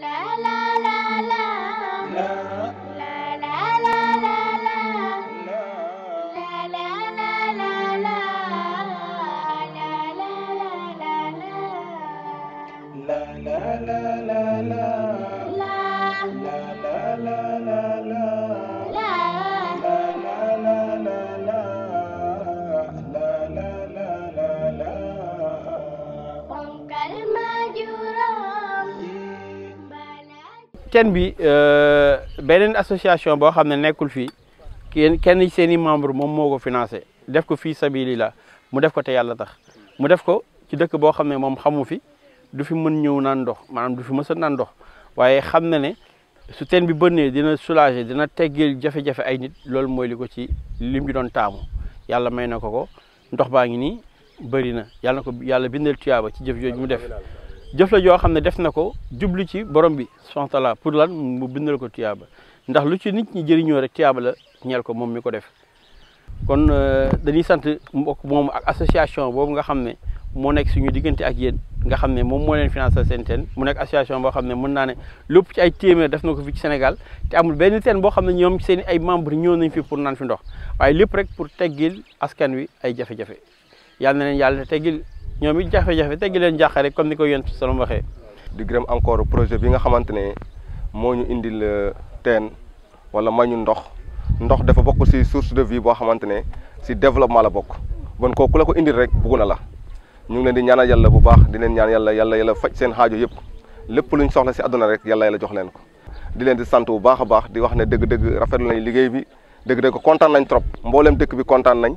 la la la la. teen bi euh, beneen association boo xam ne nekkul fii kenn kenn seen i membre moom moo ko financé def ko fii la mu def ko te yàlla tax mu def ko ci dëkk boo xam ne moom xamu fi du fi mën ñëw naan ndox maanaam du fi mës a naan ndox waaye xam na ne su teen bi bënnee dina soulager dina teggeel jafe-jafe ay nit loolu mooy li ko ci lim bi doon taamu yàlla may na ko ko ndox baa ngi nii bëri na yàlla ko yàlla bindal tuyaaba ci jëf jooju mu def jëf la joo xam ne def na ko jublu ci borom bi subhaanahu wa pour lan mu bindal ko tiyaaba ndax lu ci nit ñi jëriñoo rek tiyaaba la ñeel ko moom mi ko def kon euh, dañuy sant mbokk moom ak association boobu nga xam ne moo nekk suñu diggante ak yéen nga xam ne moom moo leen financé seen teen mu nekk association boo xam ne mën naa ne lépp ci ay téeméer def na ko fii ci Sénégal te amul benn teen boo xam ne ñoom seen ay membre ñëw nañ fi pour naan fi ndox waaye lépp rek pour teggil askan wi ay jafe ñoom it jafe-jafe teggi leen jàqare comme ni ko yéen salom waxee. di gërëm encore projet bi nga xamante ne moo ñu indil euh, teen wala mañu ndox ndox dafa bokk si source de vie boo xamante ne ci développement la bokk bon kooku la ko indil rek bugg na la ñu ngi leen di ñaanal yàlla bu baax di leen ñaan yàlla yàlla yàlla faj seen xaajo yëpp lépp luñ soxla si àdduna rek yàlla yàlla jox leen ko. di leen di sant bu baax a baax di wax ne dëgg-dëgg rafetlu nañ liggéey bi dëgg-dëgg kontaan nañ trop mboolem dëkk bi kontaan nañ.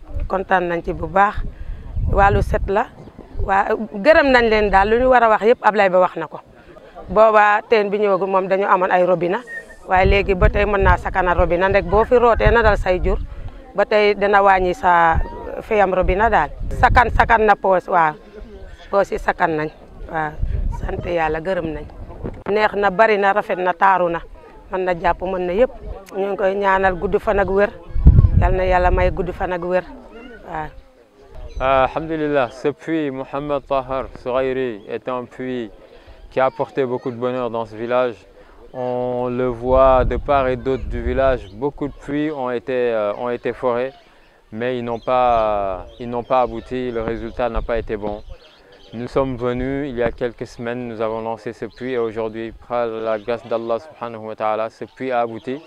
Kontan nañ ci bu baax walu set la wa gërem nañ leen daal lu ñu wara wax yépp ablay ba wax nako ko teen bi ñëwagul mom dañu amoon ay robina waye légui ba tay mëna sakana robina ndek bo fi roté na dal say jur ba tay dana wañi sa euh, feyam robina dal. sakan sakan na poos waaw poos sakan nañ wa sante yalla gërem nañ neex na bari na rafet na taruna na mën na japp man na yépp ñu ngi koy ñaanal gudd fan ak wër yalla na yalla may gudd fan ak wër Ah. ah. Alhamdulillah, ce puits Muhammad Tahar Sourairi est un puits qui a apporté beaucoup de bonheur dans ce village. On le voit de part et d'autre du village, beaucoup de puits ont été, euh, forés, mais ils n'ont pas, pas, abouti, le résultat n'a pas été bon. Nous sommes venus il y a quelques semaines, nous avons lancé ce puits et aujourd'hui, par la grâce d'Allah, ce puits a abouti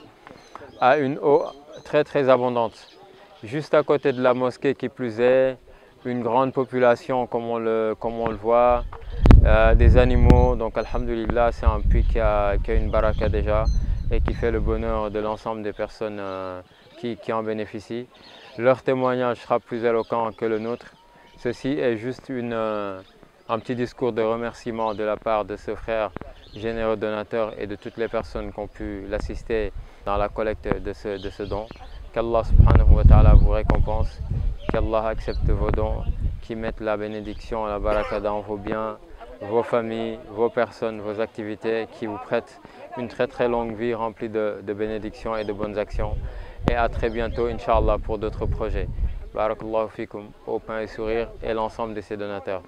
à une eau très très abondante juste à côté de la mosquée qui plus est, une grande population comme on le, voit, euh, des animaux. Donc alhamdulillah, c'est un puits qui a, une baraka déjà et qui fait le bonheur de l'ensemble des personnes euh, qui, en bénéficient. Leur témoignage sera plus éloquent que le nôtre. Ceci est juste euh, un petit discours de remerciement de la part de ce frère généreux donateur et de toutes les personnes qui ont pu l'assister dans la collecte de ce don qu'Allah subhanahu wa ta'ala vous récompense, qu'Allah accepte vos dons, qu'il mette la bénédiction, la baraka dans vos biens, vos familles, vos personnes, vos activités, qui vous prête une très très longue vie remplie de, bénédictions et de bonnes actions. Et à très bientôt, Inch'Allah, pour d'autres projets. Barakallahu fikum, au pain et sourire, et l'ensemble de ses donateurs.